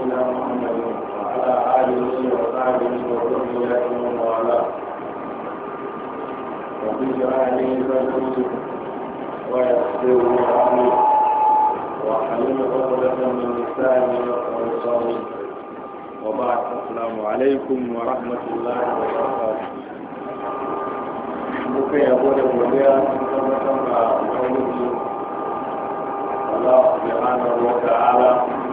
نبينا محمد وعلى آله وصحبه وذريته ومن والاه رب اشرح لي صدري ويسر لي أمري واحلل عقدة من لساني يفقهوا وبعد السلام عليكم ورحمة الله وبركاته muka yabo da godiya sun tabbatar da ubangiji Allah subhanahu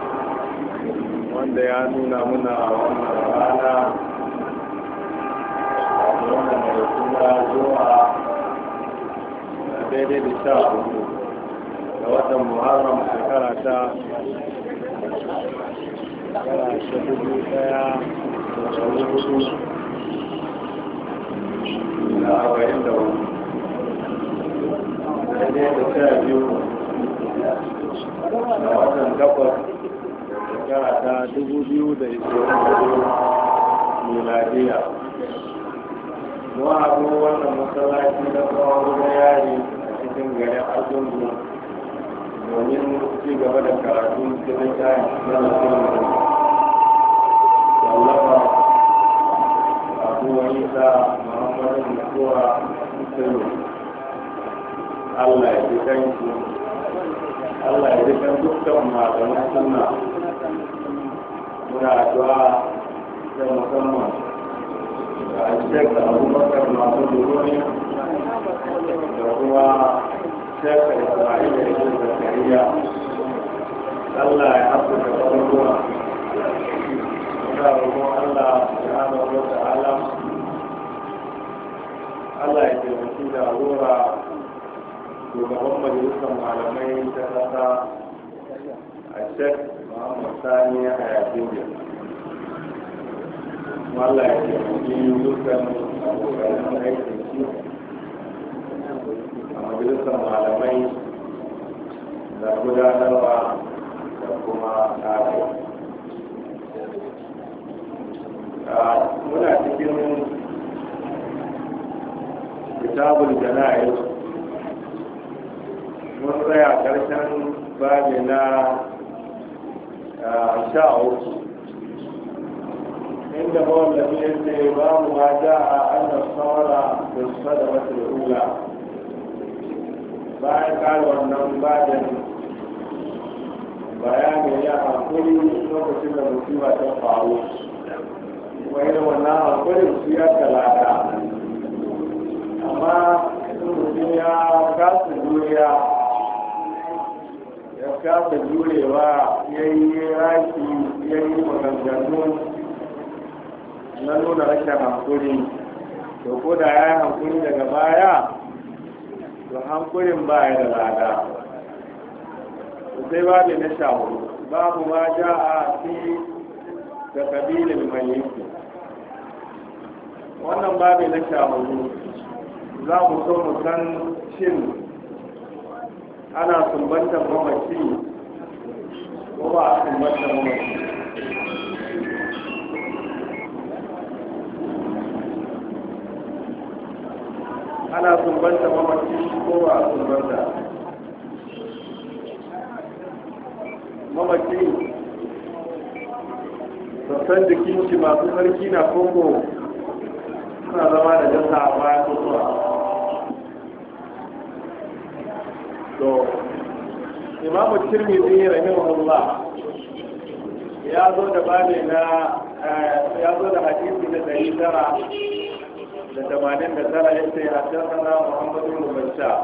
wanda ya nuna muna wannan rana wannan da kuma zuwa daidai da sha hudu ga watan muharram shekara ta shekara ta dubu daya da hudu da arba'in da hudu daidai da sha biyu da watan takwas shekara ta 2022 miladiya mu abu wannan masallaci na tsawon wani yari a cikin garin argungu domin ci gaba da karatun cikin kayan na musulmi wallafa abu wani sa muhammadin mutuwa musulmi Allah ya ji kanku, Allah ya ji kan dukkan malaman sunna muna addu'a da musamman da shek abubakar masu duroni da kuma shek isra'il da yake zakariya allah ya haɓu da ƙarfuwa muna roƙon allah ya haɗa wata alam allah ya taimaki da rura shugaban majalisar malamai ta ƙasa a shek sani a yakin da mala ya ke yi dukkan abokanin aikin shi a majalisar malamai da gudanarwa da kuma tsari muna cikin kitabul jana'ir mun tsaya karshen babi na شاء عنده الذي يدعي إمام ما جاء أن في الصدمة الأولى بعد قال وأنه بعد بيان يا حقولي لوكتين المصيبة تقعوا وإن ونا حقولي مصيبة ثلاثة أما المصيبة كاس الدنيا da kasa jurewa ya yi raki ya yi maganganu na nuna rashin hankuri to ko da ya yi hankuri daga baya to hankurin baya da lada sai babu na sha babu ma ja a fi da kabilin mai yake wannan babu na sha za mu so mu san shin ana sumbantar mamaci ko ba a sumbantar mamaci ana sumbantar mamaci ko ba a sumbantar mamaci sassan jikin shi masu sarki na kongo suna zama da jasa a bayan mutuwa to imamu tirmidhi rahimahullah ya zo da bane na eh, ya zo da hadisi na ɗari tara da tamanin da tara ya ce haddasana muhammad ibn bashar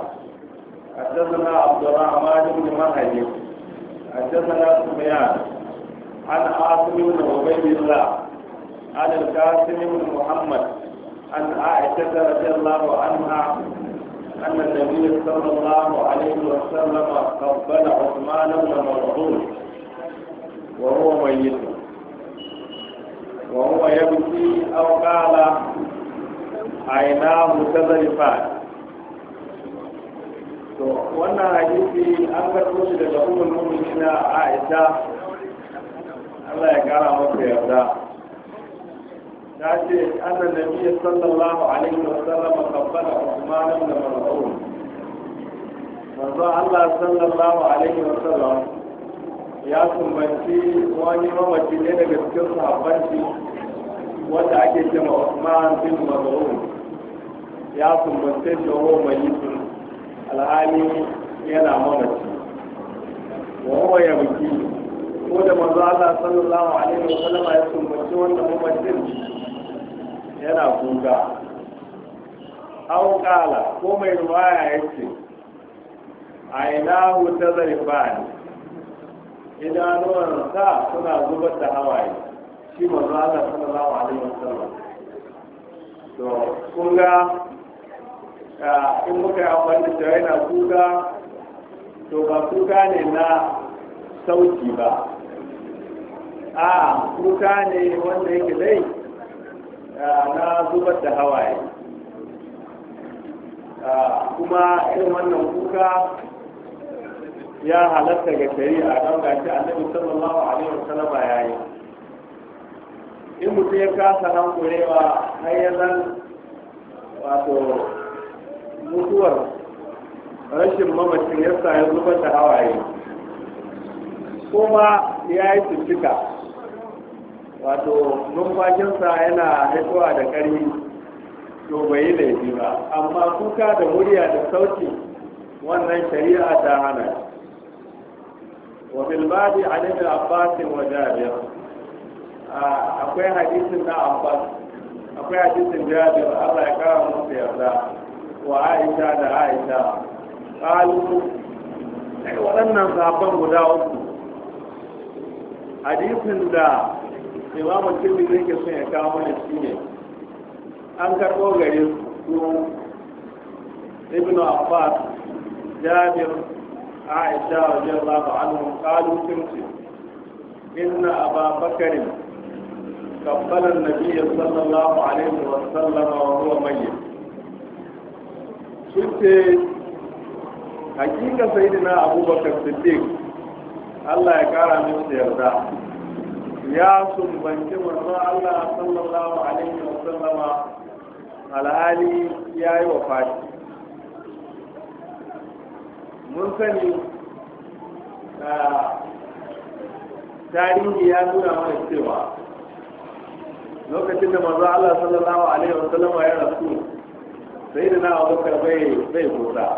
haddasana abdurrahman ibn mahali haddasana sumyan an asim ibn ubaydillah an al-qasim ibn muhammad an aisha radiyallahu anha أن النبي صلى الله عليه وسلم قبل عثمان بن مرعون وهو ميت وهو يبكي أو قال عيناه تذرفان to wannan hadisi an karɓo shi daga umar mu'minina Aisha Allah ya kara masa yarda ta ce annan nabiya sallallahu alaihi wa sallam kabbala Usman ibn Mas'ud manzo Allah sallallahu alaihi wa sallam ya kumbanci wani mamaci ne daga cikin sahabban shi wanda ake cewa Usman bin Mas'ud ya kumbance shi wa mai alhali yana mamaci wa ya biki. ko da manzo Allah sallallahu alaihi wa sallam ya kumbanci wannan mamacin yana kuka aukala ko mai ruwaya ya ce a ina wuta zarifani idanuwansa suna zubar da hawaye shi suna Allah a alaihi wasallam to kunga ga in muka yi amfani da yana kuka to ba kuka ne na sauki ba a kuka ne wanda yake dai na zubar da hawaye kuma irin wannan kuka ya halatta ga a don gashi a nan annabi sallallahu alaihi wasallam ya yi in mutum ya kasa kurewa har ya wato mutuwar rashin mamacin yasa ya zubar da hawaye kuma ya yi tuntuka wato numfashinsa yana haifuwa da ƙari to bai yi laifi ba amma kuka da murya da sauti wannan shari'a ta hana wa a nufin abbasin akwai hadisin na abbas akwai hadisin jabir allah ya kara musu yarda wa aisha da aisha waɗannan sabon guda uku hadisin da imamun cikin da yake son ya kawo mana shi ne an karɓo gari su ibn abbas jabir aisha wa jalla ba an mun kalu kunci inna aba bakari kabbalan nabiya sallallahu alaihi wa sallam wa huwa mayyit shi hakika sayyidina abubakar siddiq allah ya kara mishi yarda ya sumbanci manzon Allah sallallahu alaihi wa sallama alhali ya yi wa fashi mun sani tarihi ya nuna mana cewa lokacin da manzon Allah sallallahu alaihi wa sallama ya rasu sai da na abubakar bai bai gora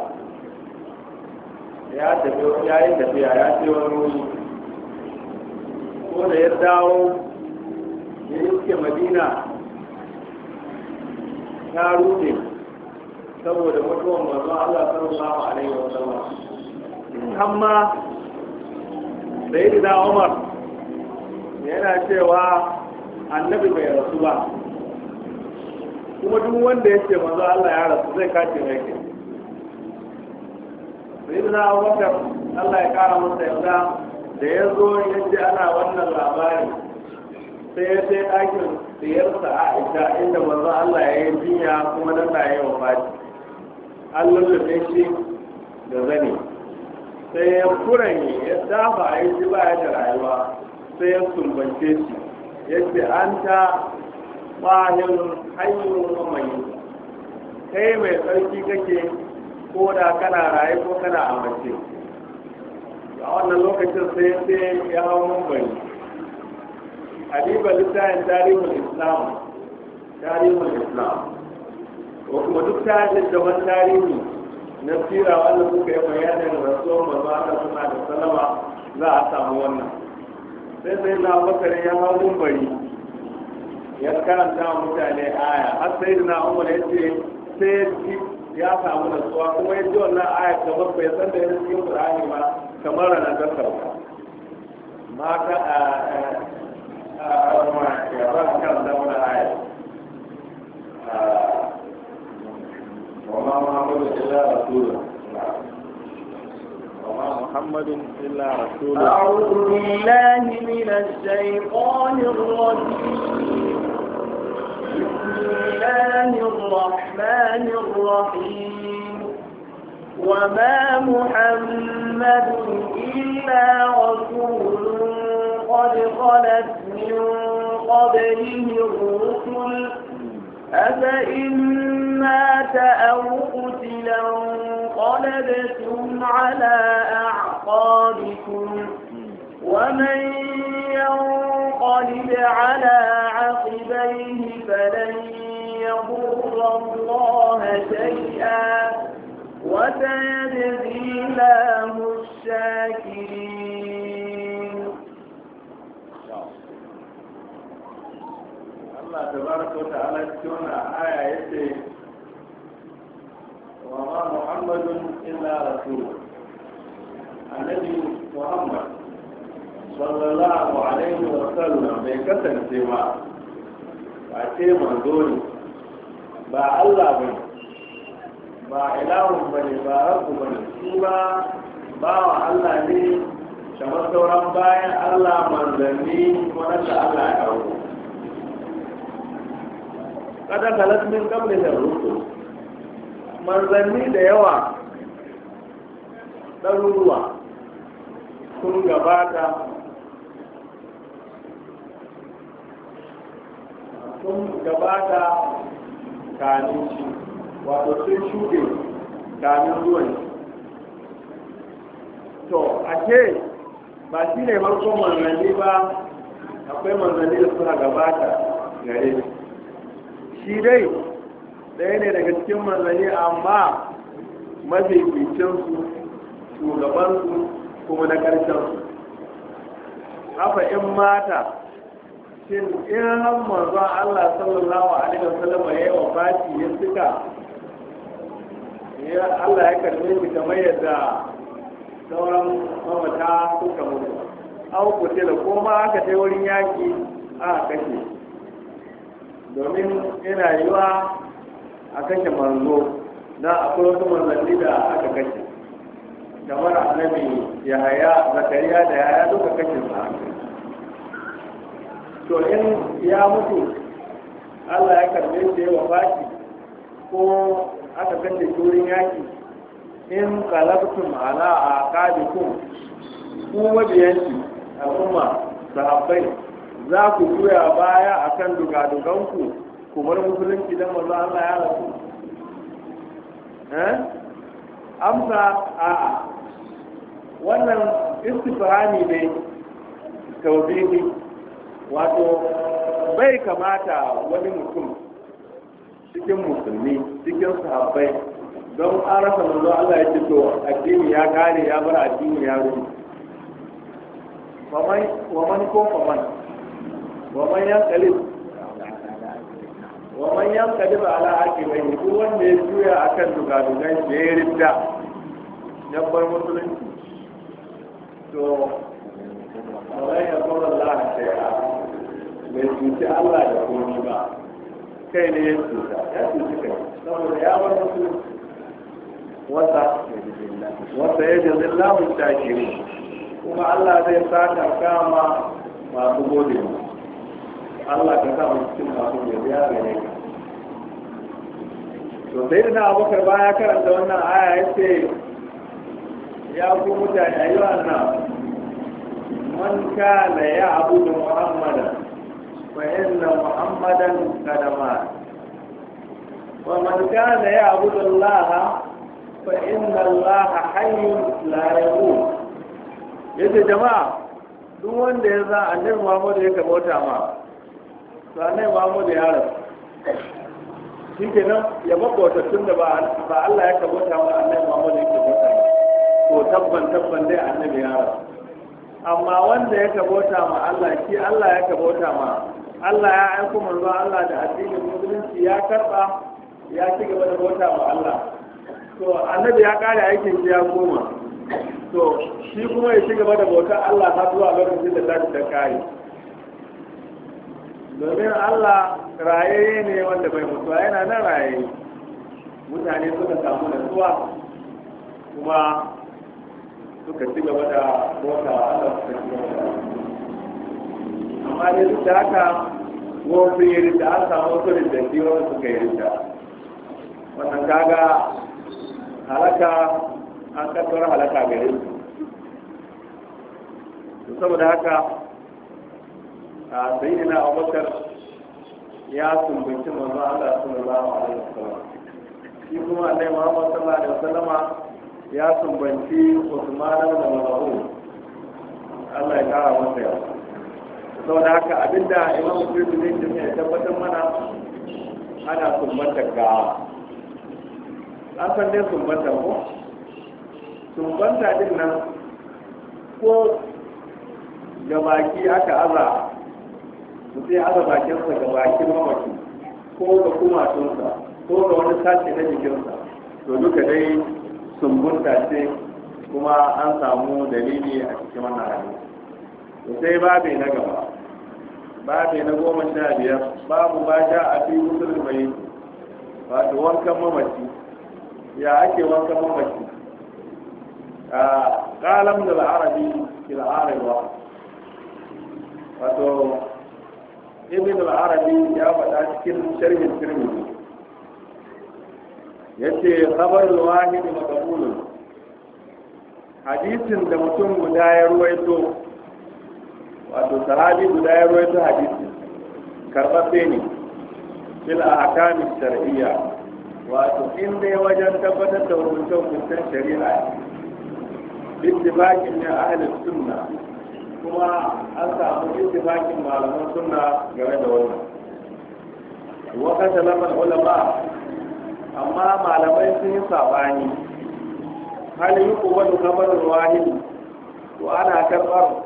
ya tafi ya yi tafiya ya ce wani ko da ya dawo ya iske madina ta rufe saboda mutuwan mazu Allah sallallahu alaihi wa sallam amma sayyidina Umar yana cewa annabi bai rasu ba kuma duk wanda ya ce mazu Allah ya rasu zai kace mai ke sayyidina Umar Allah ya kara masa yarda da ya zo yadda ana wannan labari sai ya sai ɗakin siyarsa a ita inda manzo Allah ya yi jinya kuma nan da ya wafati an lullufe shi da zane sai ya kuranye ya dafa a yi ba ya da rayuwa sai ya sumbance shi ya ce an ta bahin hanyar mamaye kai mai tsarki kake ko da kana raye ko kana amince a wannan lokacin sai sai ya hau mumbari adiba littafin tarihin islam tarihin islam ko kuma duk tarihin da wani tarihi na tsira wanda suka yi bayanin mazu aka suna da salama za a samu wannan sai sai na bakarin ya hau mumbai ya karanta wa mutane aya har sai na umar ya ce sai ya samu nasuwa kuma ya ji wannan aya kamar bai san da ya cikin qur'ani ba kamar na gasar mata a ramar kan zauna aya وما محمد إلا رسول وما محمد إلا رسول أعوذ بالله من الشيطان الرجيم بسم الله الرحمن الرحيم وما محمد إلا رسول قد خلت من قبله الرسل أفإن مات أو قتلا انقلبتم على أعقابكم ومن ينقلب على عقبيه فلن يضر الله شيئا وسيجزي الله الشاكرين الله تبارك وتعالى تكون آية وما محمد إلا رسول النبي محمد صلى الله عليه وسلم بكثرة ما فأتي منظوري ba Allah ba ba ilahun bane ba rabu bane su ba wa Allah ne kamar sauran bayan Allah manzanni wanda Allah ya kawo kada kalas min kamar da rusul manzanni da yawa ɗaruruwa sun gabata sun gabata kanin shi wato sun shuɗe kamin zuwan to a ce ba shi ne marko manzanni ba akwai manzanni da suna gabata gare shi dai ɗaya ne daga cikin manzanni amma su shugabansu kuma na ƙarshensu haka in mata shin in har manzon Allah sallallahu alaihi wasallam ya yi wa fati ya suka ya Allah ya karbe shi kamar yadda sauran mamata suka mutu an kuce da koma aka sai wurin yaki a kashe domin yana yiwa a kashe manzo na akwai wasu manzanni da aka kashe kamar annabi ya haya zakariya da yaya duka kashe sa to in ya mutu Allah ya karbe shi ya wafaki ko aka kace turin yaki in kalabtum ala aqabikum ku wajiyanki al'umma sahabbai za ku juya baya akan dugaduganku ku bar musulunci dan manzo Allah ya rasu eh amsa a wannan istifhami ne tawbihi wato bai kamata wani mutum cikin musulmi cikin sahabbai don an rasa manzo Allah ya ce to addini ya kare ya bar addini ya rubu faman waman ko faman waman ya kalib waman ya kalib ala akibai duk wanda ya juya akan dugadugan shi ya ridda ya bar musulunci to Allah ya kuma Allah ta ya bai cuci Allah da komi ba kai ne ya cuta ya cuta kai saboda ya bar musulunci wata wata ya jazi lamun takiru kuma Allah zai saka kama masu gode Allah ka sa mu cikin masu gode ya gare ka to sai da na abubakar baya karanta wannan aya ya ce ya ku mutane ayyuan nan man kana ya abu da muhammadan فإن محمدا قد مات ومن كان يعبد الله فإن الله حي لا يموت yace jama'a duk wanda ya za annabi Muhammad ya kabota ma su a nai Muhammad ya rasu nan ya makota tun da ba Allah ya kabota ma annabi Muhammad ya kabota ma ko tabban tabban dai annabi ya rasu amma wanda ya kabota ma Allah shi Allah ya kabota ma Allah ya aiko manzo Allah da addinin musulunci ya karba ya ci gaba da bauta wa Allah to annabi ya kare aikin shi ya koma to shi kuma ya ci gaba da bauta Allah ta zuwa shi da tashi ta kai domin Allah raye ne wanda bai mutuwa yana nan raye mutane suka samu nutsuwa kuma suka ci gaba da bauta wa Allah suka ci gaba da amma dai duk da haka wasu yi da an samu wasu rindanci wasu suka yi rinda wannan kaga halaka an kasuwar halaka gare su saboda haka a sayi na abokar ya sumbunci manzo Allah sallallahu alaihi wasallam shi kuma annabi Muhammad sallallahu alaihi wasallama ya sumbanci Usman da Mas'ud Allah ya kara masa yawa. saboda haka abinda imam musulmi zai ce ne tabbatar mana ana sumbanta ga an san dai sumbanta ko sumbanta din nan ko ga baki aka aza su ya aza bakinsa ga bakin mamaki ko ga kumatunsa ko ga wani sashi na jikinsa to duka dai sumbanta ce kuma an samu dalili a cikin wannan hannu sai babu na gaba babu na goma sha biyar babu ba sha a fi musulun mai Ba wato wankan mamaci ya ake wankan mamaci a kalam da al'arabi fil arewa wato ibn al-arabi ya faɗa cikin sharhin tirmidhi yace khabar al-wahid maqbul hadisin da mutum guda ya ruwaito wato sahabi guda ya ta hadisi karɓaɓɓe ne fil ahkam shar'iyya wato in dai wajen tabbatar da hukuncin hukuncin shari'a ittifaqin a ahli sunna kuma an samu ittifaqin malaman sunna game da wannan wa lamar ulama amma malamai sun yi sabani hal yuqbalu khabarul wahid Ko ana karɓar?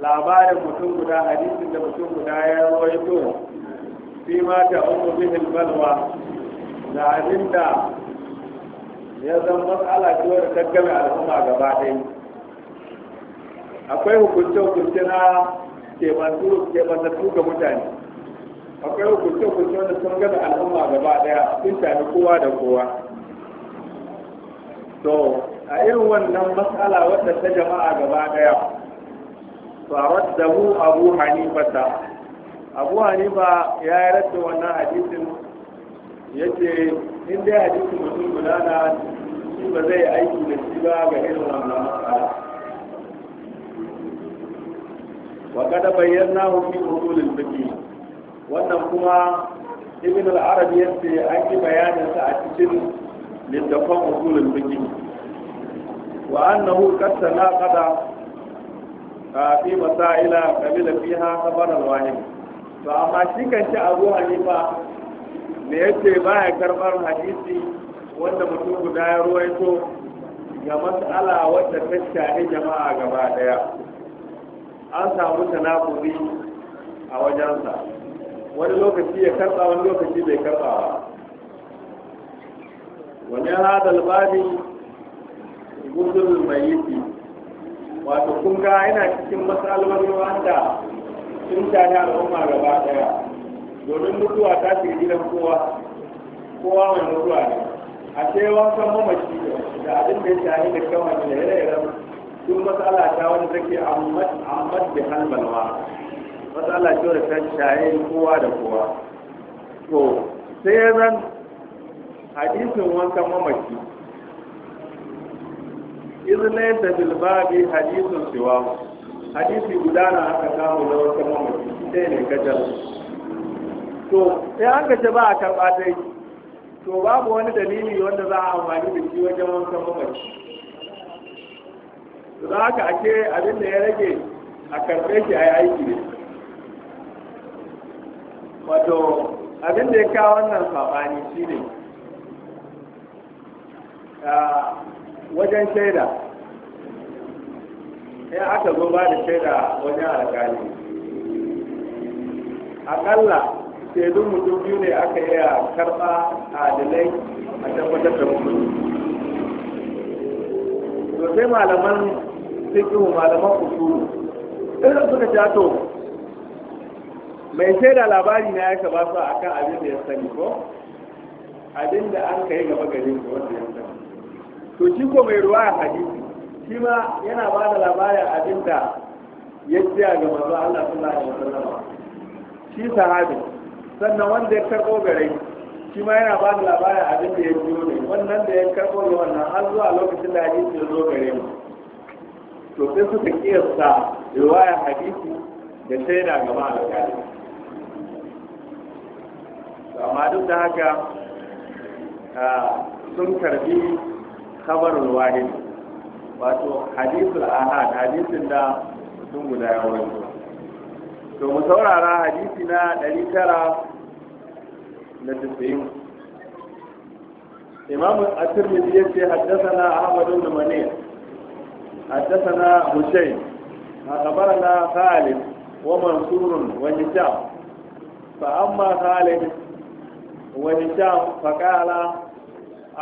labarin mutum guda hadisin da mutum guda ya rawaito fi ma ta umu bihil balwa da abin da ya zan matsala ce wadda ta game al'umma gaba ɗaya akwai hukunce-hukunce na kebantattu ga mutane akwai hukunce-hukunce wanda sun gada al'umma gaba ɗaya sun tafi kowa da kowa to a irin wannan matsala wadda ta jama'a gaba ɗaya faraddahu abu hanifata abu hanifa ya yi rasa wannan hadisin ya ce in dai mutum guda na shi ba zai aiki da shi ba ga irin wannan matsala wa kada bayyana hu fi usulul fiqh wannan kuma ibn al ya yace an bayanin sa a cikin littafin usulul fiqh wa annahu fi masaila kabila fiha khabar al-wahid to amma shi kan ci Abu Hanifa ne yace baya karbar hadisi wanda mutum guda ya ruwaito ga mas'ala wadda ta shahi jama'a gaba daya an samu tanakuzi a wajensa wani lokaci ya karba wani lokaci bai karba ba wani hada albani gudun mai yi wato kun ga yana cikin matsalolin wanda sun shafi al'umma gaba daya domin mutuwa ta ce gidan kowa kowa mai mutuwa ne a ce wankan mamaci da abin da ya shafi da kawai da ire-iren sun matsala ta wani take amma da halbalwa matsala ce da ta shafi kowa da kowa to sai ya zan hadisin wankan mamaci izinai da bilbabi hadisun siwa hadisi guda na aka samu na wata mamaki ɗaya ne gajar to sai an gace ba a karɓa dai to babu wani dalili wanda za a amfani da shi wajen wankan mamaki to za ka ake abin da ya rage a karɓe shi a yi aiki ne wato abin da ya kawo wannan saɓani shi ne wajen shaida sai aka zo ba da shaida wajen alkali akalla shaidun mutum biyu ne aka iya karɓa adalai a tabbatar da mutum to sai malaman fikihu malaman usulu irin suka ce to mai shaida labari na ya ka ba su akan abin da ya sani ko abin da an kai gaba gari su wanda ya sani to shi ko mai ruwa a hadisi shi ma yana ba da labarin abin da ya tsaya ga manzo Allah sallallahu alaihi wasallam shi sahabi sannan wanda ya karɓo gare shi ma yana ba da labarin abin da ya biyo ne wannan da ya karɓo ga wannan har zuwa lokacin da hadisi ya zo gare mu to sai suka kiyasta riwaya hadisi da shaida a lokacin amma duk da haka ah, sun karbi khabarul wahid wato hadithul ahad hadithin da mutum guda ya wani to mu saurara hadithi na 990 imam at-tirmidhi yace na ahmad bin manir haddathana na ha khabarana khalid wa mansur wa hisham fa amma khalid wa hisham fa qala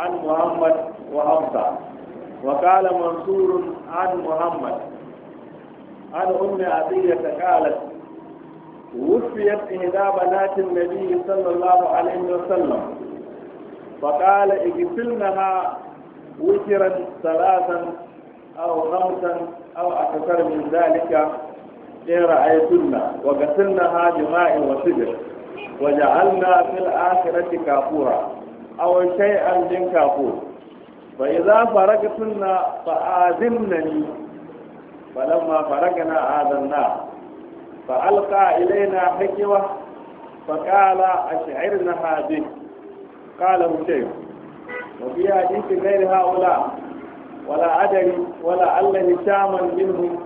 an muhammad وأبطى وقال منصور عن محمد عن أم عطية قالت وفيت إحدى بنات النبي صلى الله عليه وسلم فقال اقتلنها وترا ثلاثا أو خمسا أو أكثر من ذلك إن رأيتن وغسلنها جماع وسدر وجعلنا في الآخرة كافورا أو شيئا من كافور فإذا فرقتنا فآذنني فلما فرقنا آذنا فألقى إلينا حكوة فقال أشعرنا هذه قال شيخ وفي حديث غير هؤلاء ولا أدري ولا ألا هشاما منهم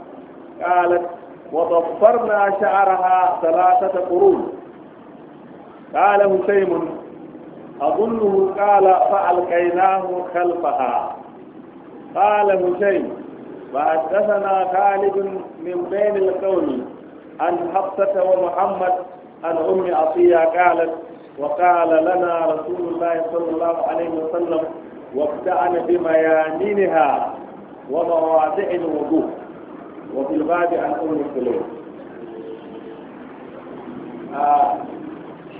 قالت وضفرنا شعرها ثلاثة قرون قال هشيم أظنه قال فألقيناه خلفها قال هشيم وحدثنا خالد من بين القوم عن حفصة ومحمد عن أم عطية قالت وقال لنا رسول الله صلى الله عليه وسلم وابتعن بميانينها ومواضع الوضوء وفي الباب عن أم آه.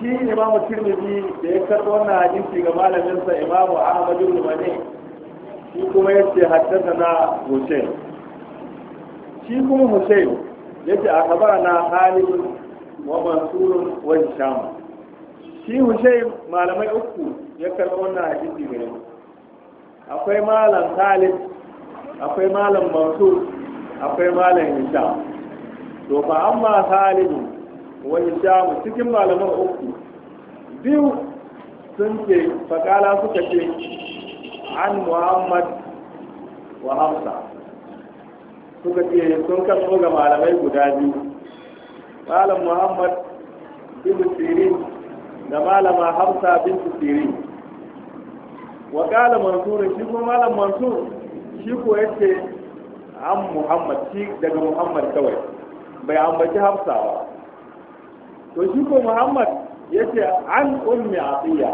shi imamu tirmidhi da ya karɓo wannan hadisi ga malaminsa imamu ahmad ibn mani shi kuma ya ce haddasa na hussein shi kuma hussein ya ce a na halin wa mansurun wa hisham shi hussein malamai uku ya karɓo wannan hadisi gare akwai malam khalid akwai malam mansur akwai malam hisham to fa amma khalidu wa Hishamu cikin malaman uku biyu sun ce fakala suka ce an Muhammad wa Hamza suka ce sun kaso ga malamai guda biyu malam Muhammad bin Sirin da malama Hamza bin Sirin wa kala Mansur shi kuma malam Mansur shi ko yace an Muhammad shi daga Muhammad kawai bai ambaci Hamza ba to shi ko muhammad ya ce an ummi atiya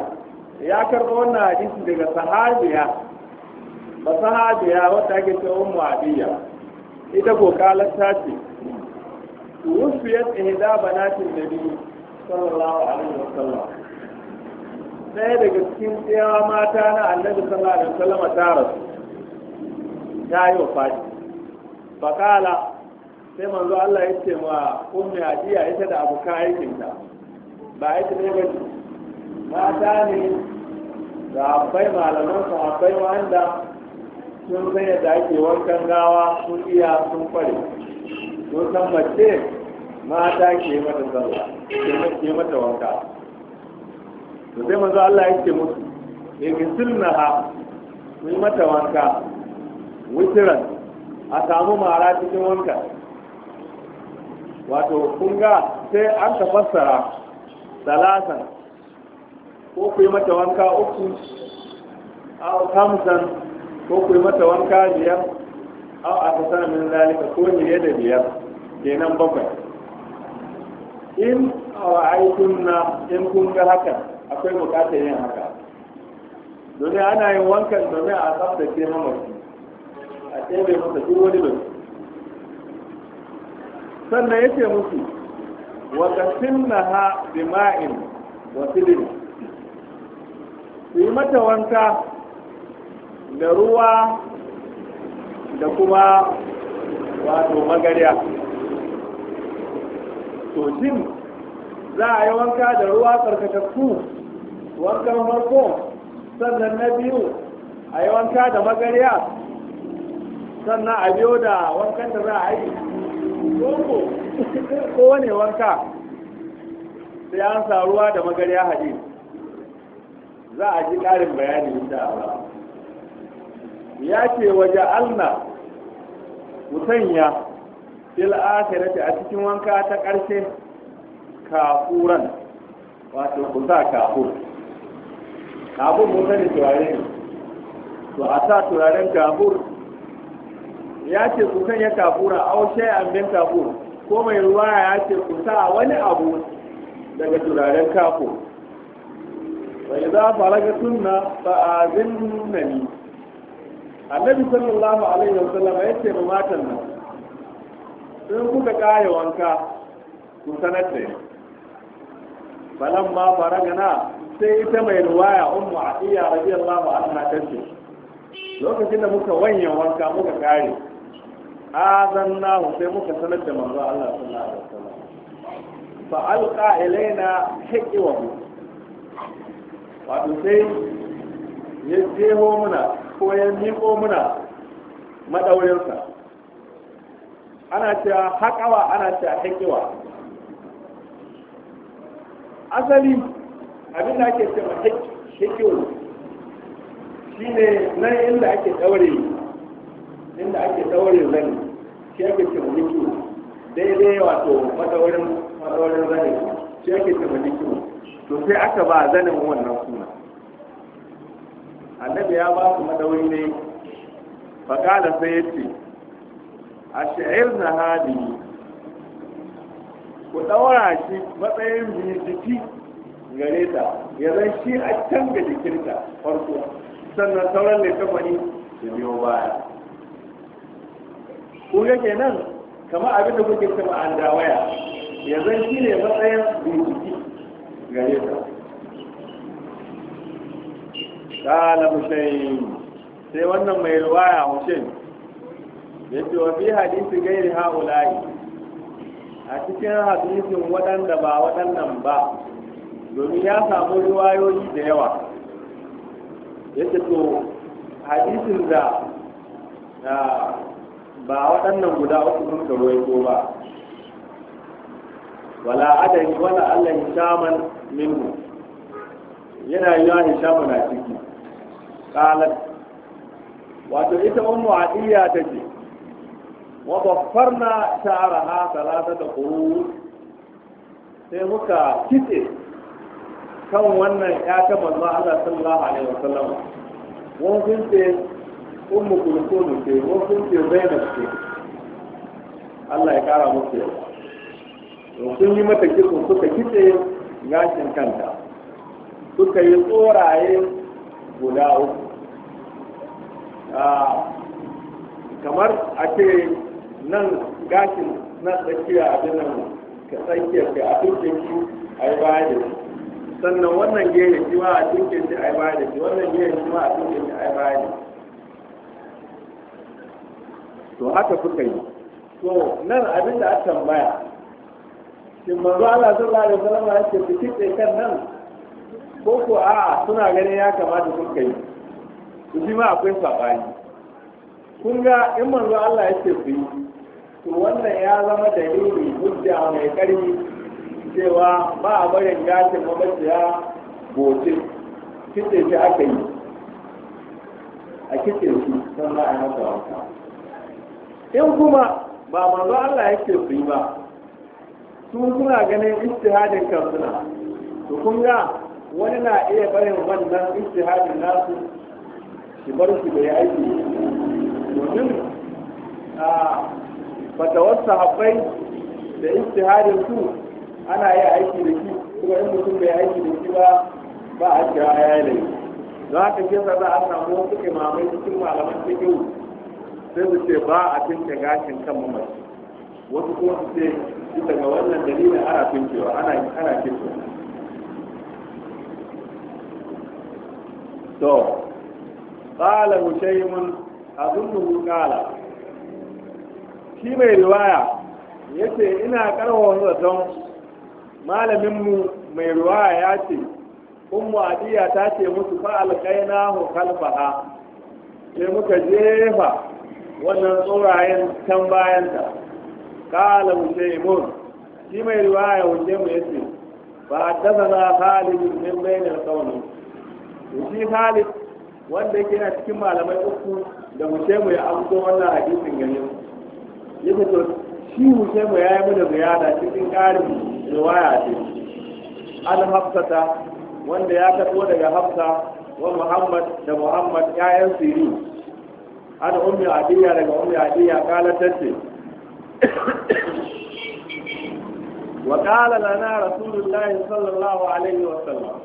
ya karɓa wannan hadisi daga sahabiya ba sahabiya wata ake ce ummu atiya ita ko kalata ce wufiyat da banatin nabi sallallahu alaihi Sallam. ɗaya daga cikin tsayawa mata na annabi sallallahu alaihi sallam ta rasu ta yi wa fati bakala sai manzo Allah ya ce ma ummi hadiya ita da abu abokan aikinta ba ita ne ba mata ne da abai malaman su abai wanda sun san da ake wankan gawa sun iya sun kware sun san mace mata ke mata zalla ke mata wanka to sai manzo Allah ya ce musu ya gisilna ha su yi mata wanka wutiran a samu mara cikin wanka wato kun ga sai an ka fassara salasan ko ku yi mata wanka uku a samusan ko ku yi mata wanka biyar a akasar min lalika ko ne da biyar kenan bakwai in a aikin na in kun ga haka akwai bukatar yin haka domin ana yin wankan domin a tsaftace mamaki a tsebe masa duk wani domin sannan yake musu wa bi ma'in wa silin su yi mata wanka da ruwa da kuma wato magarya to jin za a yi wanka da ruwa tsarkakakku wankan farko sannan na biyu a yi wanka da magarya sannan a biyo da wankan da za a yi ko wane wanka sai an ruwa da magarya haɗe za a ji ƙarin bayani insha ba ya ce waje alna musanya fil akhirati a cikin wanka ta ƙarshe kafuran wato ku sa kafur kafur mun turare ne to a sa turaren kafur ya ce ku sanya kafura a shay'an min kafur ko mai ruwa ya ce ku sa wani abu daga turaren kafo ba a falaga A fa azinnani annabi sallallahu alaihi wasallam ya ce ma matan nan sun kuka kaya wanka ku sanar da ni balan ma fara gana sai ita mai ruwaya ummu iya radiyallahu anha tace lokacin da muka wanyan wanka muka kare azan nahu sai muka sanar da manzo Allah sallallahu alaihi wasallam fa alqa ilaina hiqwahu wato sai ya jeho muna ko ya miƙo muna madaurinsa ana cewa haƙawa ana cewa hiqwa asali abin da ake cewa hiqwa shine nan inda ake daure inda ake daure zane shi ake ce mulki daidai wato madaurin madaurin zane shi ake ce mulki to sai aka ba zanin wannan suna annabi ya ba su madauri ne fakala sai ya ce a sha'ir na hadi ku daura shi matsayin biyu jiki gare ta ya zan shi a can ga jikinta farko sannan sauran littafani da biyo baya ko yake nan kamar abin da kuke cewa an dawaya ya zan shi ne matsayin bincike gare ta kala mushayin sai wannan mai ruwaya mushayin ya ce wa fi hadisi gairi ha'ulayi a cikin hadisin waɗanda ba waɗannan ba domin ya samu riwayoyi da yawa ya ce to hadisin da ba waɗannan guda uku sun ka roiko ba wala adani wala Allah shaman minmu. yana yiwa shaman na ciki qalat wato ita ummu adiya take wa ha salata da qurun sai muka kitse kan wannan ya ta manzo Allah sallallahu alaihi wasallam wani kitse ummu kulsum ce wasu ce zainab ce Allah ya kara musu yau sun yi mata kitso suka kitse gashin kanta suka yi tsoraye guda uku ah, kamar a ce nan gashin na tsakiya abin nan ka tsakiya ka a turke shi a yi baya da shi sannan wannan gehe shi ma a turke shi a yi baya da shi wannan gehe shi ma a turke shi a yi baya da shi to haka suka yi to nan abin da aka tambaya shin manzo Allah sallallahu alaihi wasallam ya ce ku kike kan nan ko ko a suna ganin ya kamata suka kai su ji ma akwai sabani kun ga in manzo Allah ya ce su yi to wannan ya zama dalili hujja mai karfi cewa ba a barin gashin ya bote kitse shi aka yi a kitse shi san ba a masa wanka in kuma ba manzo Allah yake su yi ba su suna ganin istihadin kansuna to kun ga wani na iya barin wannan istihadin nasu shi bar shi da ya aiki domin a fatawar sahabbai da istihadin su ana iya aiki da shi kuma in mutum bai aiki da shi ba ba a kira ya yi don haka shi yasa za a samu wasu imamai cikin malaman cikin sai su ce ba a tunce gashin kan mamaci wasu kuma su ce shi ga wannan dalilin ana tuncewa ana ana tuncewa to qala mushaymun azunnu qala shi mai riwaya yace ina karwa zaton malaminmu mai riwaya ya ce ummu adiya ta ce musu fa hu kalbaha sai muka jefa wannan tsorayen can bayanta kala musaimun shi mai riwaya wuce mu ce ba tazana khalid min bainal tsauni to shi khalid wanda yake na cikin malamai uku da musaimu ya amso wannan hadisin gare mu yake to shi musaimu ya yi mu da ziyada cikin karin riwaya ce an hafsata wanda ya kaso daga hafsa wa muhammad da muhammad yayan sirri ana ummi adiya daga ummi adiya kala tace wa qala lana rasulullahi sallallahu alaihi wa sallam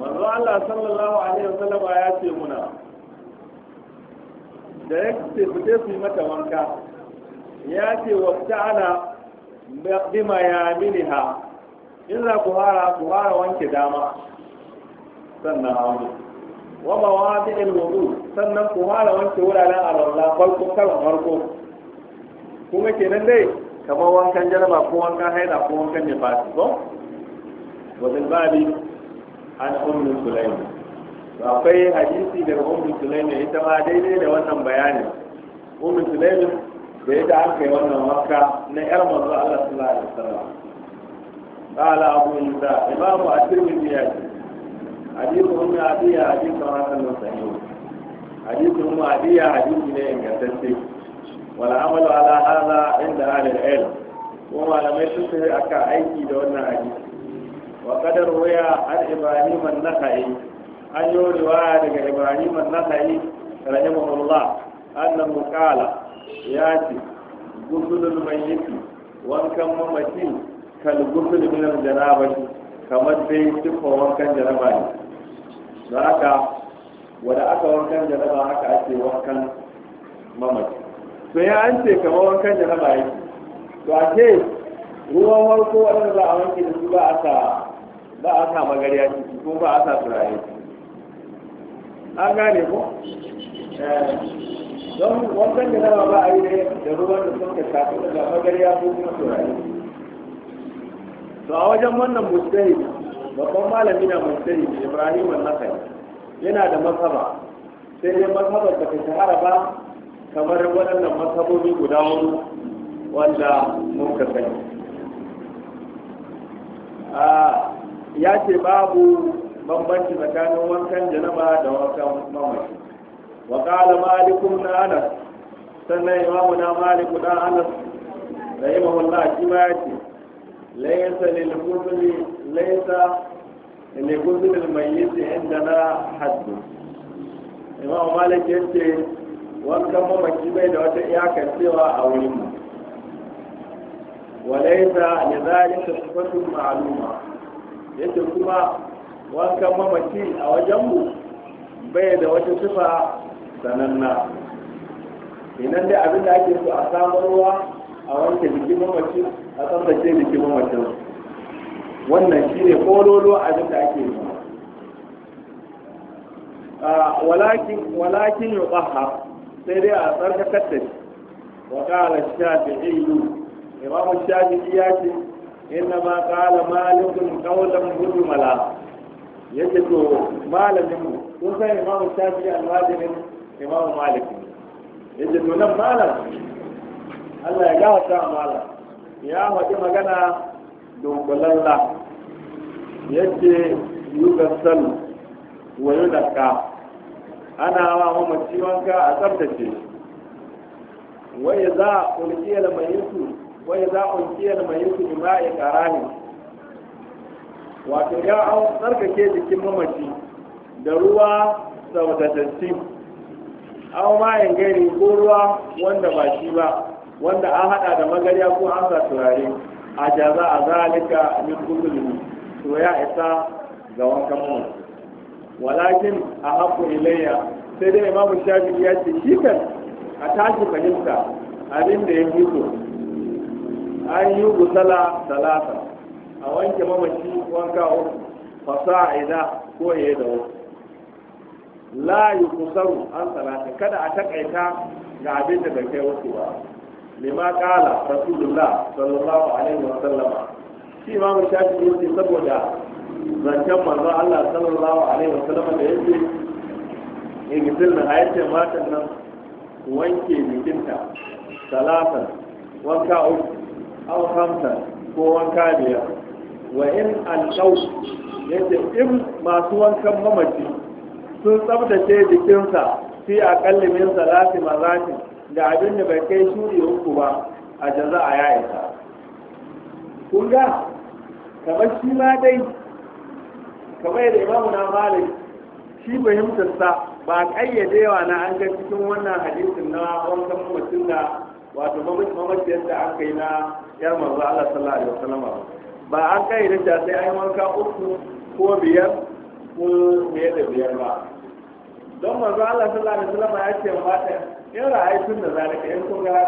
Wanzu Allah sallallahu alaihi wa sallam ya ce muna da ya yake ku je yi mata wanka ya ce wa ana bima yaminha in za ku fara ku hara wanke dama sannan hagu wa mawadi'il wudu sannan ku fara wanke wuraren alwala farko kalan farko kuma kenan dai kamar wankan jaraba ko wankan haila ko wankan nifasi ko wajen babi an ummu sulaimi to akwai hadisi daga ummu sulaimi ita ma daidai da wannan bayanin ummu sulaimi da ita an kai wannan makka na yar manzo Allah sallallahu alaihi wasallam قال أبو إسحاق إمام الترمذي hadisi mun ya abi ya hadisi kama ta nan sanyo hadisi ya abi ya hadisi ne ingantacce wala amalu ala hada inda ahli al kuma malamai su sai aka aiki da wannan hadisi wa kadar waya har ibrahim an nakai an yi riwaya daga ibrahim an nakai rahimahullah annahu qala ya ce gusulul mayyit wankan mamaci kal gusul min al janabati kamar dai dukkan wankan jaraba ne don haka wadda aka wankan jaraba haka ake wankan mamaci to ya an ce kamar wankan jaraba yake to a ce ruwan warko wanda za a wanke da su ba a sa ba a sa magariya ciki ko ba a sa turare an gane ko eh, don wankan jaraba ba a yi da ruwan da suka tafi shafi daga magariya ko kuma turare to a wajen wannan mujtahid babban malami na mujtahid Ibrahim an-Nakhai yana da mazhaba sai dai mazhabar da ta shahara ba kamar waɗannan mazhabobi guda hudu wanda mun ka sani ya ce babu bambanci tsakanin wankan janaba da wankan mamaki. wa qala malikum na anas sannan imamu na maliku dan anas rahimahullah shi ma ya ce ليس للغسل ليس لغسل الميت عندنا حد إمام مالك يتي wankan mamaki bai da wata iyakar cewa a wurinmu walaisa ne zalika sifatun ma'aluma yadda kuma wankan mamaki a wajenmu bai da wata sifa sananna inan dai abin da ake so a samarwa a wanke jikin mamaci a tsabtace da ke mamacin wannan shi ne kololo abin da ake yi walakin yi ƙaha sai dai a tsarkakar da shi wa shafi shafi'i imamu shafi'i ya ce inna ma ƙala malikun ƙaunar gudu mala ya ce to malamin mu kun san imamu shafi'i almajirin imamu malikin ya ce to nan malam Allah ya gawa a malam ya waje magana dunkulalla yake yugasal da yudaka ana wa mamaci wanka a tsabtace wai za a kulkiyar mai yusu wai za a kulkiyar mai yusu wato ya an tsarkake jikin mamaci da ruwa sautatacci an ma'in gari ko ruwa wanda ba shi ba wanda an hada da magarya ko an sa turare a jaza a zalika min gudulmi to ya isa ga wankan mu walakin a haku ilayya sai dai imamu shafi ya ce shi kan a tashi fahimta abin da ya so. an yi gusala talata a wanke mamaci wanka uku fasa'ida ko ya da la yi kusaru an talata kada a takaita ga abin da bai kai wasu ba lima kala rasulullah sallallahu alaihi wa sallama shi ma mu shafi yace saboda zancen manzon Allah sallallahu alaihi wa sallama da yace igsil na ayatin matan nan wanke jikinta salatan wanka uku aw hamsan ko wanka biyar wa in alqaw yace in masu wankan mamaci sun tsabtace jikinsa fi aqalli min salati mazatin da abin da bai kai shuri uku ba a jaza'a ya isa kun kamar shi ma dai kamar yadda imamu na malik shi fahimtarsa ba ƙayyadewa na an ga cikin wannan hadisin na wankan mutum da wato mamaciyar da aka yi na yar manzo Allah sallallahu alaihi wasallam ba an kai da sai an wanka uku ko biyar ko biyar da biyar ba don manzo Allah sallallahu alaihi wasallam ya ce mata in ra'aytun da zalika in kun ga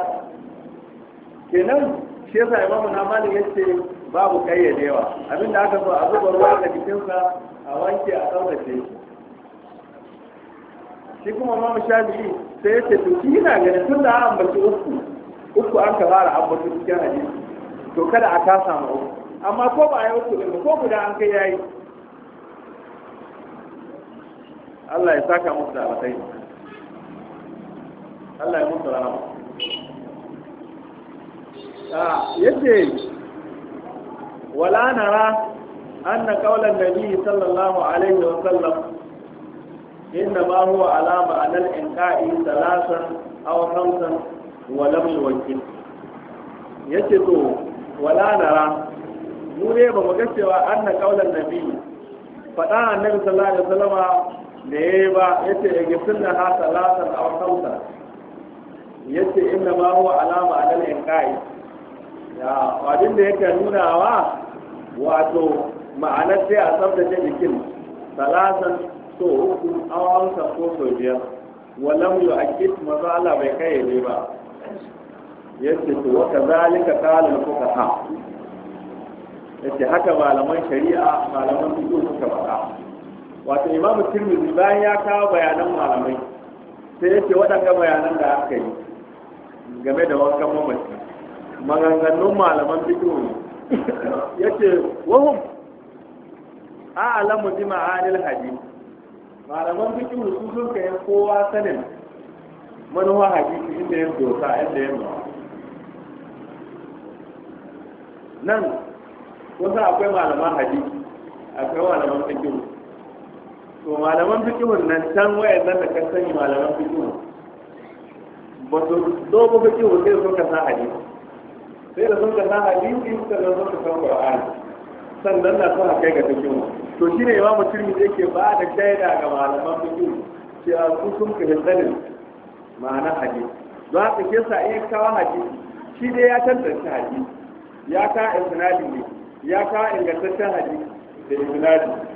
kenan shi yasa imamu na ya yace babu kayyadewa abinda aka so a zuba ruwa da jikinsa a wanke a tsaftace shi shi kuma mamu shafi'i sai yace to shi na gani tun da an ambaci uku uku an ka fara ambaci cikin hadisi to kada a kasa ma uku amma ko ba a yi uku ko guda an kai yayi Allah ya saka musu da alakai Allah ya musu rahama ah, yace wala nara anna qawlan nabi sallallahu alaihi wa sallam ba huwa alama ma'ana al-inqa'i thalathan aw khamsan wa lam yuwakkil yace to wala nara mu ne ba mu ga an anna qawlan nabi faɗa annabi sallallahu alaihi sallama da ya yi ba ya ce ya gifin da ha talatan a wasauta ya ce inda ma huwa alama a nan kayi. ya wadin da yake wa? wato ma'anar sai a tsabtace jikin talatan so uku awon ko so biyar walam yu akid maza Allah bai kai ne ba yace to wa kazalika qala al-fuqaha yace haka malaman shari'a malaman fiqh suka faɗa wato imam tirmidhi bayan ya kawo bayanan malamai sai yake waɗanda bayanan da aka yi game da wankan mamaci maganganun malaman fikihu ya ce wahum a'lamu ji ma'anil haji malaman fikihu su sun kai kowa sanin manuwa su inda yin dosa inda yin mawa nan kusa akwai malaman haji akwai malaman fikihu to malaman fikihun nan can wayannan da kan sani malaman fikihun ba su dogo fikihun sai sun ka sa hadisi sai da sun ka sa hadisi sannan sun ka san qur'ani sannan na sun kai ga fikihun to shine imamu tirmidhi yake ba da shaida ga malaman fikihun cewa su sun ka hisanin ma'ana hadisi za ke sa iya kawo hadisi shi dai ya tantance hadisi ya kawo isnadi ne ya ka ingantaccen hadisi da isnadi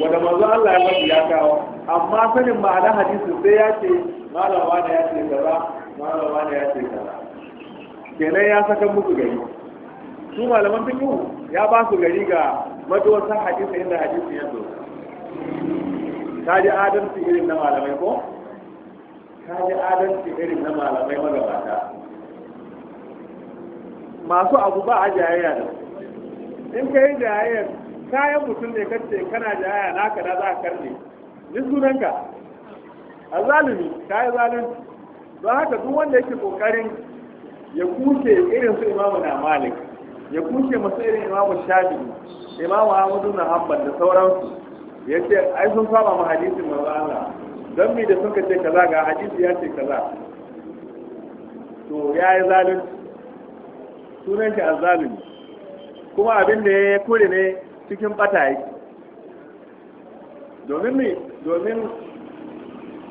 wanda manzo Allah ya faɗi ya kawo amma sanin ma'ana hadisi sai ya ce malama ne ya ce kaza malama ne ya ce kaza kenan ya saka musu gari su malaman fiqh ya ba su gari ga madosan hadisi inda hadisi ya zo ka ji adalci irin na malamai ko ka ji adalci irin na malamai magabata masu abu ba a jayayya da in ka yi jayayyar kayan mutum ne kace kana da yaya naka da za ka karbe ni sunanka a zalimi kayan zalunci don haka duk wanda yake kokarin ya kushe irin su imamu na malik ya kushe masu irin imamu shafi imamu ahmadu na hanbal da sauransu ya ce ai sun saba mu hadisin manzo Allah don mi da sun ce kaza ga hadisi ya ce kaza to ya yi zalunci sunan ki azalimi kuma abin da ya kore ne cikin bata yake domin mai domin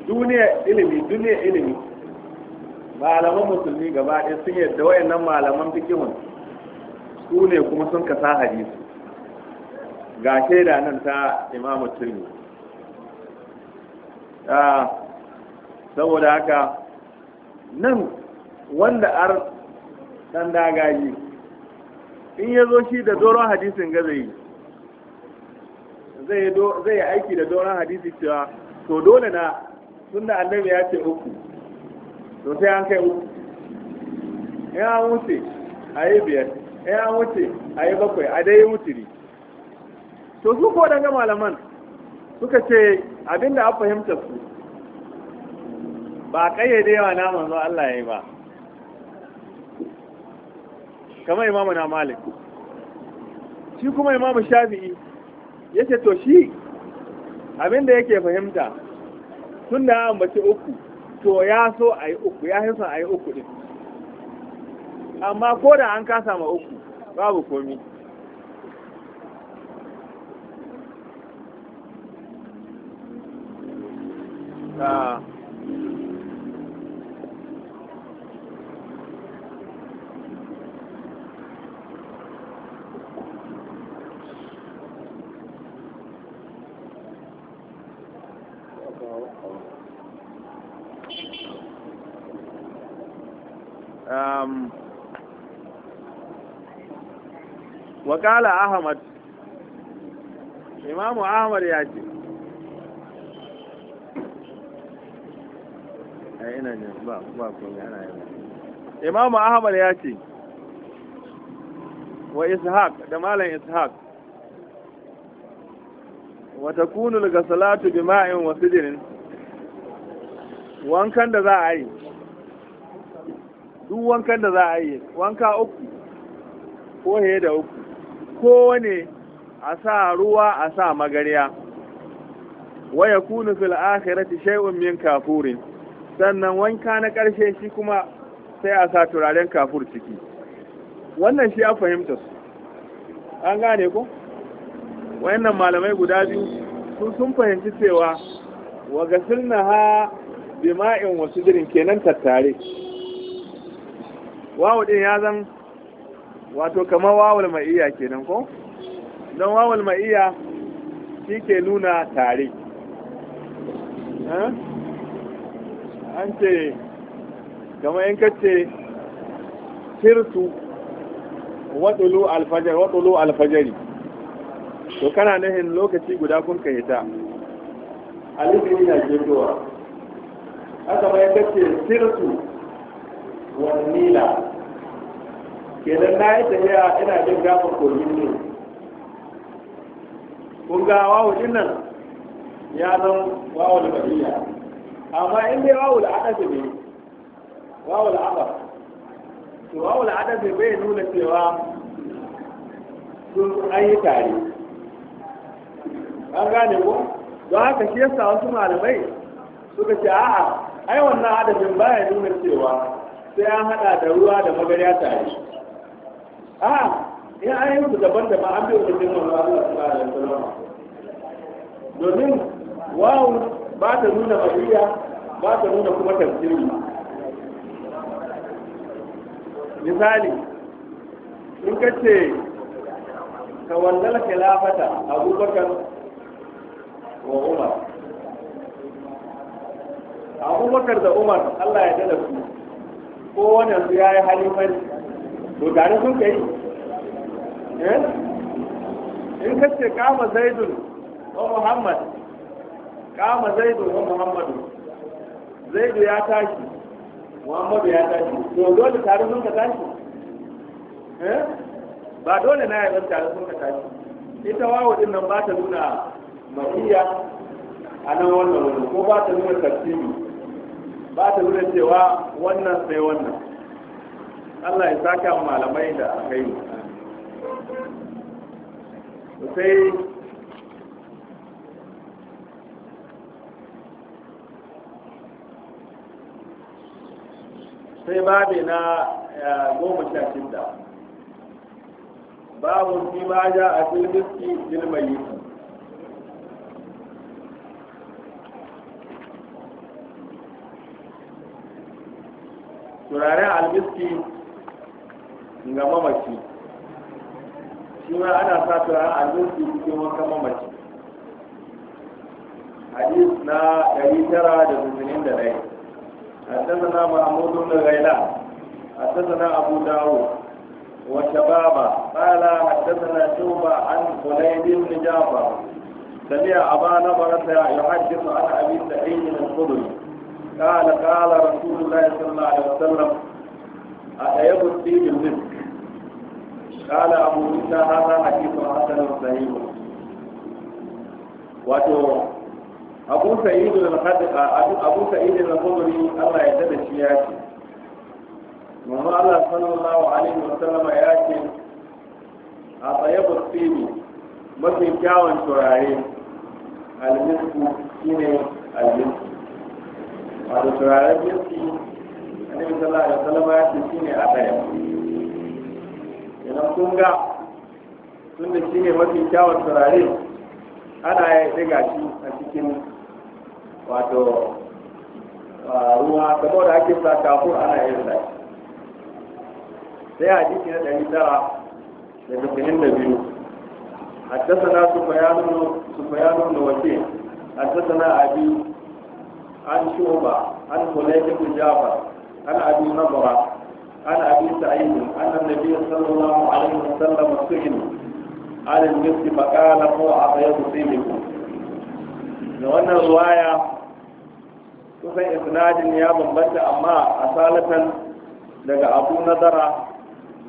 duniya ilimi duniya ilimi malaman musulmi gaba ɗaya sun yadda wayannan malaman fikihun su ne kuma sun kasa hadisi ga shaida nan ta imamu turmi ah, saboda haka nan wanda ar dan dagaji in ya zo shi da doron hadisin yi zai yi aiki da doron hadisi cewa to dole na sunna annabi ya ce uku to sai an kai uku ya wuce a yi biyar ya wuce a yi bakwai a dai wuturi to su ko gama malaman suka ce abinda a fahimta su ba kayyade yawa na manzo Allah ya yi ba kamar imamu na malik shi kuma imamu shafi'i ya ce to shi abinda yake fahimta tun da ya uku to ya so a yi uku ya hinsa a yi uku ɗin amma ko da an kasa ma uku babu komi Ah. Uh. wakala ahmad imamu ahmad ya ce ne ba ba ana yi imamu ahmad ya ce wa ishaq da malam ishaq wa ga Salatu bi ma'in wa sidrin wankan da za a yi duk wankan da za a yi wanka uku ko he da uku ne a sa ruwa a sa magarya waya kunu fil akhirati shay'un min kafurin sannan wanka na karshe shi kuma sai a sa turaren kafur ciki wannan shi ya fahimta su an gane ko wayannan malamai guda biyu su sun fahimci cewa wa gasilna ha bima'in wasu jirin kenan tattare wawo din ya zan wato kamar wawul ma'iya kenan ko don wawul ma'iya shi ke nuna tare eh? an ce kamar yin kace firtu waɗulu alfajari waɗulu alfajari to kana nahin lokaci guda kun ka hita alifin na jirgowa aka ma ya kace firtu wa nila kenan na yi tafiya ina jin gafar kogin ne kun ga wawo nan ya zan wawo da bariya amma in dai wawo da adabi ne wawo da adabi to wawo da adabi bai nuna cewa sun an yi tare an gane ko don haka shi yasa wasu malamai suka ce a'a ai wannan adabin baya nuna cewa sai an hada da ruwa da magariya tare Ah, a in an yi musu daban da ba an biyo da jin manzo Allah sallallahu alaihi wasallam domin wawu ba ta nuna mariya ba ta nuna kuma tafsiri misali in ka ce ka wallala khilafata abubakar wa umar a abubakar da umar Allah ya dada su ko wannan su yayi halifanci to tare sun kai eh? in ka ce kama zaidun wa muhammad kama zaidun wa muhammadu zaidu ya tashi muhammadu ya tashi to dole tare sun ka tashi eh? ba dole na yaban tare sun ka tashi ita wawo din nan ba ta nuna mafiya a nan wannan wani ko ba ta nuna tartibi ba ta nuna cewa wannan sai wannan Allah ya saka malamai da kai sai sai babi na goma sha shidda babun fi ba ja a filbiski filmayi turaren albiski ga mamaci shi ana sa su a hannunsu cikin wanka mamaci hadis na ɗari tara da zuzunin da rai haddasa mahmudu da gaila haddasa na abu dawo وشبابا قال حدثنا شوبا عن خليل بن جعفر سمع ابا نظرة يحدث عن ابي سعيد الخدري قال قال رسول الله صلى الله عليه وسلم أيبتي بالمثل قال أبو موسى هذا حديث حسن صحيح wato abu sa'id abu sa'id al-khudri Allah ya tada shi ya ce manzo Allah sallallahu alaihi wa sallam ya ce a tsayabu tsibi mafi kyawun turare almisku shine almisku wato turaren miski annabi sallallahu alaihi wa sallam ya ce shine a tsayabu idan kun ga sun da shi ne mafi kyawun turare ana ya riga shi a cikin wato ruwa kamar da ake sa kafur ana ya riga sai a jiki na ɗari tara da tafiyin da biyu a tattana su bayanu da wace a tattana a biyu an shi oba an kula ya ke an abin na bara عن أبي سعيد أن النبي صلى الله عليه وسلم سئل عن المسك فقال هو أبيض سيلكم لأن الرواية kusan isnadin ya bambanta amma asalatan daga abu nadara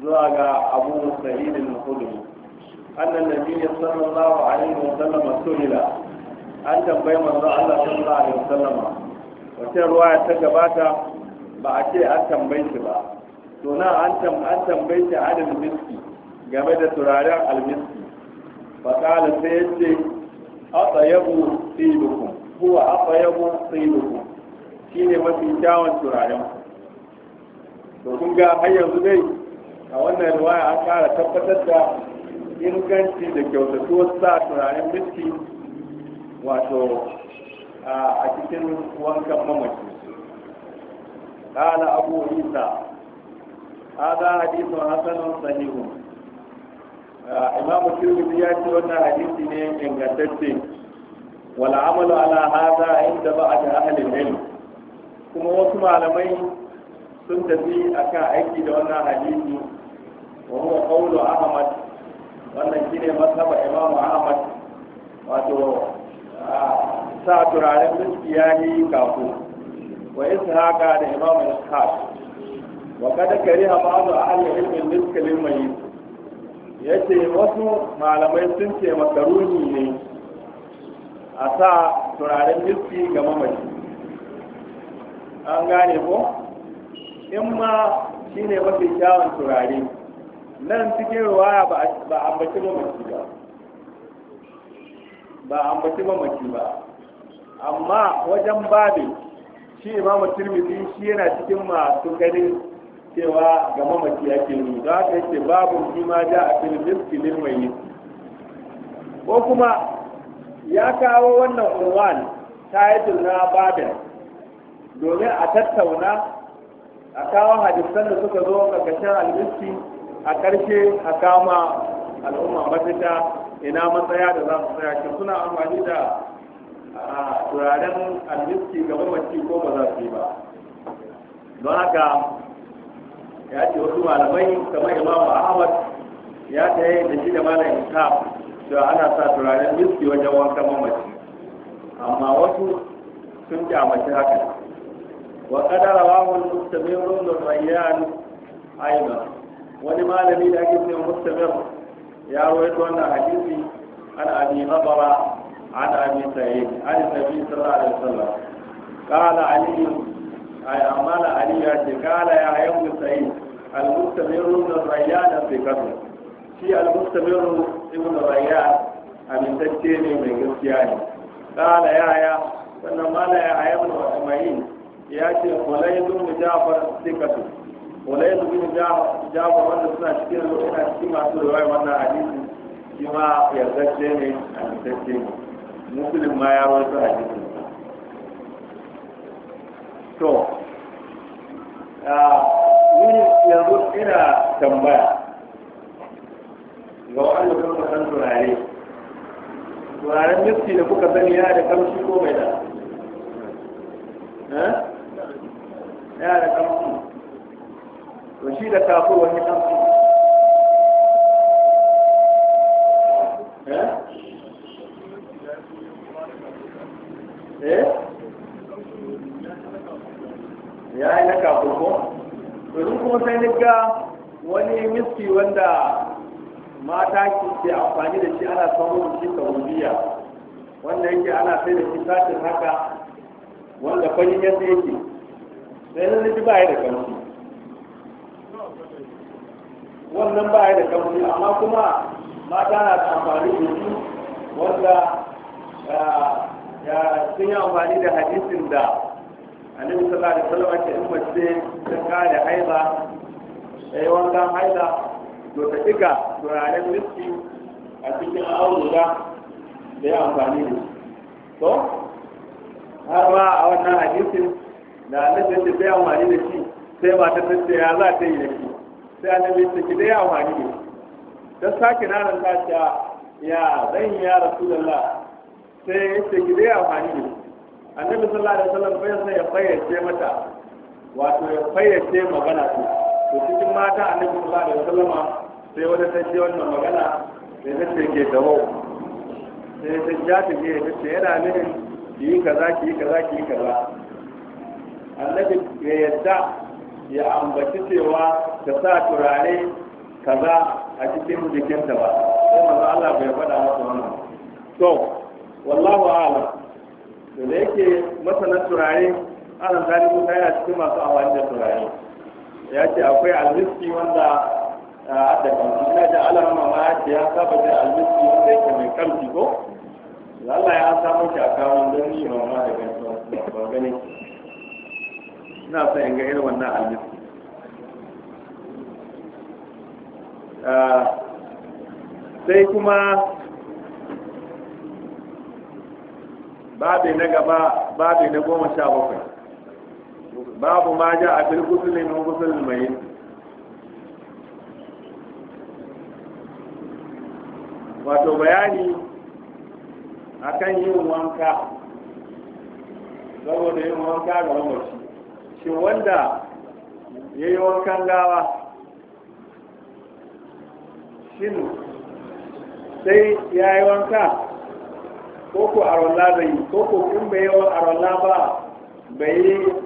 zuwa ga abu sa'idin hudu annan nabiyyi sallallahu alaihi wa sallam suhila an tambayi manzo Allah sallallahu wa sallam wata ruwaya ta gabata ba a ce an tambayi shi ba to na an tambayi ta adal miski game da turaren almiski faƙala sai ya ce yabu yabo tsilukum huwa aka yabo tsilukum shi ne mafi kyawun turaren to kun ga har yanzu dai a wannan ruwaya an ƙara tabbatar da inganci da kyautatuwar sa turaren miski wato a cikin wankan mamaki. قال أبو عيسى Ha za hadisu Hassan Sabiru. Imam Al-Khidi ya ce wannan hadisi ne ingantattin. Wa la'amalu ala haza ya yi dafa a can a halin Kuma wasu malamai sun tafi a kan aiki da wannan hadisi. Wa ma a Fauna Ahmad. Wannan ki ne ma saba Ahmad. Wato sa turaren zun biya kafu. Wa isa haka da Imam al وقد كره بعض أهل العلم الرزق للميت yace wasu malamai sun ce makaruni ne a sa turaren miski ga mamaci an gane ko in ma shi ne kyawun nan cikin ruwaya ba ambaci mamaci ba ba ambaci mamaci ba amma wajen babi shi imamu turmizi shi yana cikin masu ganin cewa ga mamaci ake yi za ka ce babu shi ma ja a filibis filin mai yi ko kuma ya kawo wannan unwan title na babin domin a tattauna a kawo hadisan da suka zo ƙarƙashin albiski a ƙarshe a kama al'umma mafita ina matsaya da za su tsaya shi suna amfani da turaren albiski ga mamaci ko ba za su yi ba don haka ya ce wasu malamai kamar imamu ahmad ya ta yi da shi da malam ishaq cewa ana sa turaren miski wajen wankan mamaci amma wasu sun kyamaci haka wa kadara mun mustamiru da rayyan aiba wani malami da ake cewa mustamir ya rawaito wannan hadisi an abi habara an abi sa'id an nabi sallallahu alaihi wasallam qala aliyu ai amma la ali ya ce kala ya ayyuhu sa'id al-mustamiru min rayyan fi qatl shi al-mustamiru ibn rayyan amintacce ne mai gaskiya ne kala ya ya sannan mala ya ayyuhu al ya ce kulayd ibn ja'far thiqatu kulayd ibn ja'far wanda suna cikin suna cikin masu riwaya wannan hadisi shi ma yardacce ne amintacce ne muslim ma ya rawaito hadisin to Ah, ni yanzu ina tambaya ga wanda kuma san turare turaren miski da kuka sani yana da kamshi ko mai da eh? yana da kamshi to shi da kafin wani kamshi eh, eh? ya yi na kafin ko domin kuma sai ni ga wani miski wanda mata ke amfani da shi ana samun shi saudiya wanda yake ana sai da shi satin haka wanda farin yadda yake sai na ji ba ya da kamshi wannan ba ya da kamshi amma kuma mata na amfani da shi wanda ah, ya sun yi amfani da hadisin da annabi sallallahu alaihi wasallam ake in mace ta kare haiza ta yi wankan haiza to ta diga turaren miski a cikin auduga da ya amfani da to har ma a wannan hadisin da annabi ya ce bai amfani da shi sai ba ta ce ya za ta yi da shi sai annabi ya ce ki dai amfani da shi ta sake nanan ta ce ya zan yi ya rasu da sai ya ce ki dai amfani da shi annabi sallallahu alaihi wasallam bai sai ya fayyace mata wato ya fayyace magana ce to cikin mata annabi sallallahu alaihi wasallam sai wata ta ce wannan magana sai ta ce ke dawo sai ta ja ta ke ta ce yana nufin ki yi kaza ki yi kaza ki yi kaza annabi ya yadda ya ambaci cewa ta sa turare kaza a cikin jikinta ba sai manzo Allah bai faɗa masa wannan to wallahu a'lam to da yake masana turare ana zalibu ta yana cikin masu amfani da turare ya ce akwai alwiski wanda a da kamfi ina da alama ma ya ce ya saba da alwiski wanda yake mai kamfi ko lalla ya samu shi a kawon don yi mamma da gaisuwa ba gani ina son in ga irin wannan alwiski sai kuma babi na gaba babi na goma sha bakwai babu ma ja a bil gusulin mun gusulin mai wato bayani akan yin wanka saboda yin wanka ga mamaci shi wanda ya yi wankan gawa shin sai ya yi wanka ko ko arolla bai ko kun bai yawan arola ba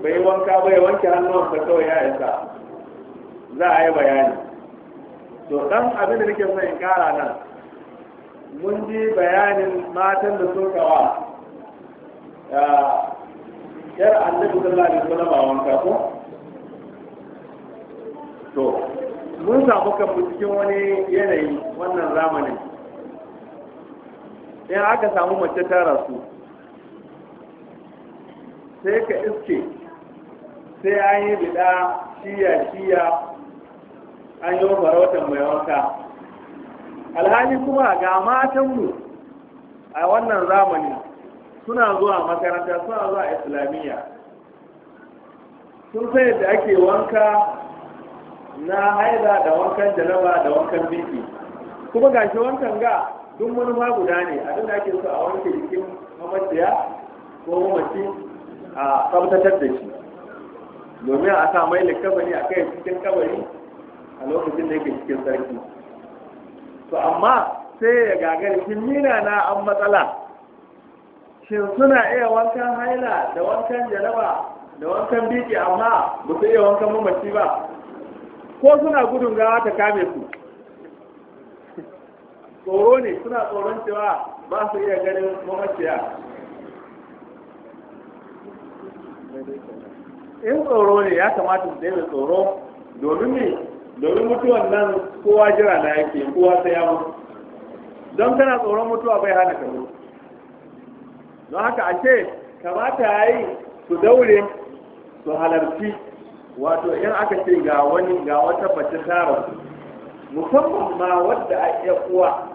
bai wanka bai wanke hannunsa kawai ya isa za a yi bayani to dan abin da nake son in kara nan mun ji bayanin matan da sun kawa yar annabi sallallahu alaihi wasallam a wanka ko to mun samu kan cikin wani yanayi wannan zamanin in aka samu mace ta rasu sai ka iske sai an yi bida shiya-shiya an yi farautar mai wanka alhali kuma ga matanmu a wannan zamani suna zuwa makaranta suna zuwa islamiyya sun sai da ake wanka na haida da wankan jalaba da wankan biki kuma gashi wankan ga duk manufa guda ne a da ake so a wanke jikin mamaciya ko mamaci a tsabtatar da shi domin a sa mai likabari a kai cikin kabari a lokacin da yake cikin sarki to amma sai ya gagari shin nina na an matsala shin suna iya wankan haila da wankan jaraba da wankan biki amma ba su iya wankan mamaci ba ko suna gudun gawa ta kame su tsoro ne suna tsoron cewa ba su iya ganin mamaciya in tsoro ne ya kamata su daina tsoro domin ne domin mutuwan nan kowa jira na yake kowa sai ya don kana tsoron mutuwa bai hana ka don haka ake kamata ya yi su daure su halarci wato in aka ce ga wani ga wata bace tara musamman ma wadda a iya kuwa.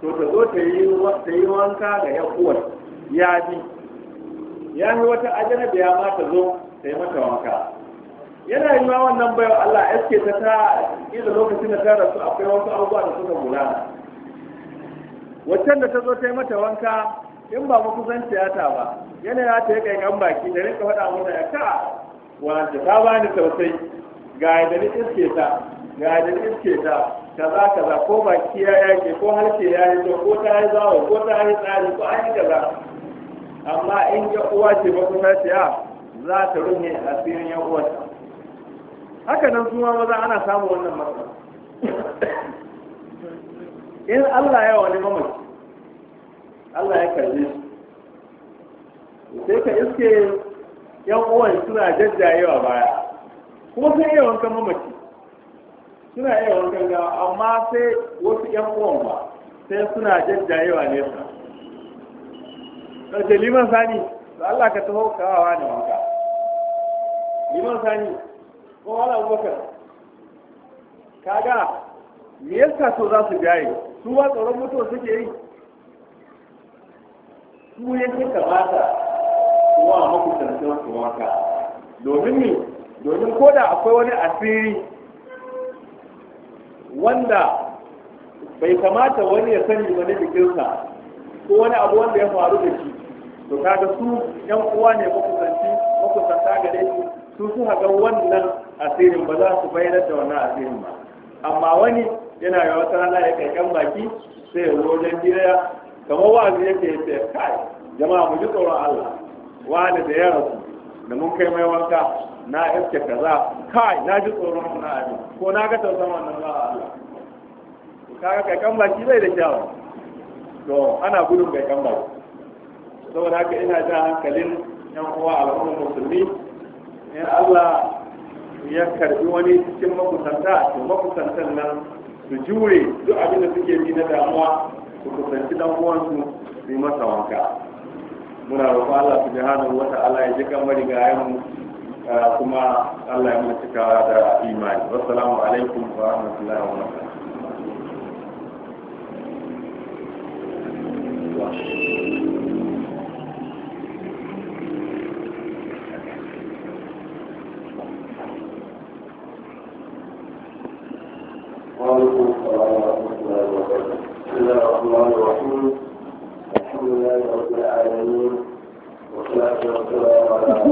to ta zo ta yi wanka ga ya uwar ya ji ya yi wata da ya ma zo ta yi mata wanka yana yi ma wannan bayan Allah ya ta ta ila lokacin da ta rasu akwai wasu abubuwa da suka gudana waccan da ta zo ta yi mata wanka in ba mu kusan tiyata ba yana ya ta yi kaikan baki da rinka faɗa mata ya ka wanda ta bani tausayi ga da ni iske ta ga da ni iske ta kaza kaza ko baki ya yake ko harshe ya yi to ko ta yi zawo ko ta yi tsari ko an yi kaza amma in ga uwa ce ba kusa ce a ah, za ta rufe asirin ya uwarta haka nan suma maza ana samun wannan matsala in Allah ya wani mamaki Allah ya karbe shi sai ka iske yan uwan suna jajjayewa baya kuma sun iya kan mamaki suna iya wankan gawa amma sai wasu yan uwan ba sai suna jajjayewa nesa ɗauke liman sani da Allah ka taho kawawa ne wanka liman sani ko wani abubakar kaga me yasa so za su jaye su ba tsoron mutuwa suke yi su ke kamata wa makusantar su wanka domin ne domin ko da akwai wani asiri wanda bai kamata wani ya sani wani na jikinsa ko wani abu wanda ya faru da shi to kaga su yan uwa ne makusanci makusanta gare su su suka wannan asirin ba za su bayyana da wannan asirin ba amma wani yana yawa wata rana ya kai kan baki sai ya zo wajen gidaya kamar wa'azi yake ya kai jama'a mu ji tsoron Allah wani da ya rasu da mun kai mai wanka na iske kaza kai na ji tsoron na abi ko na ga tausan wannan ba Allah ga kai kan baki bai da kyau. to ana gudun kai kan baki saboda haka ina jan hankalin yan uwa al'ummar musulmi in Allah ya karbi wani cikin makusanta to makusantan nan su jure duk abin da suke yi na damuwa su kusanci dan uwansu su yi masa wanka muna roƙon Allah subhanahu wa ta'ala ya ji kan marigayen mu kuma Allah ya mutuka da imani wassalamu alaikum wa rahmatullahi wa barakatuh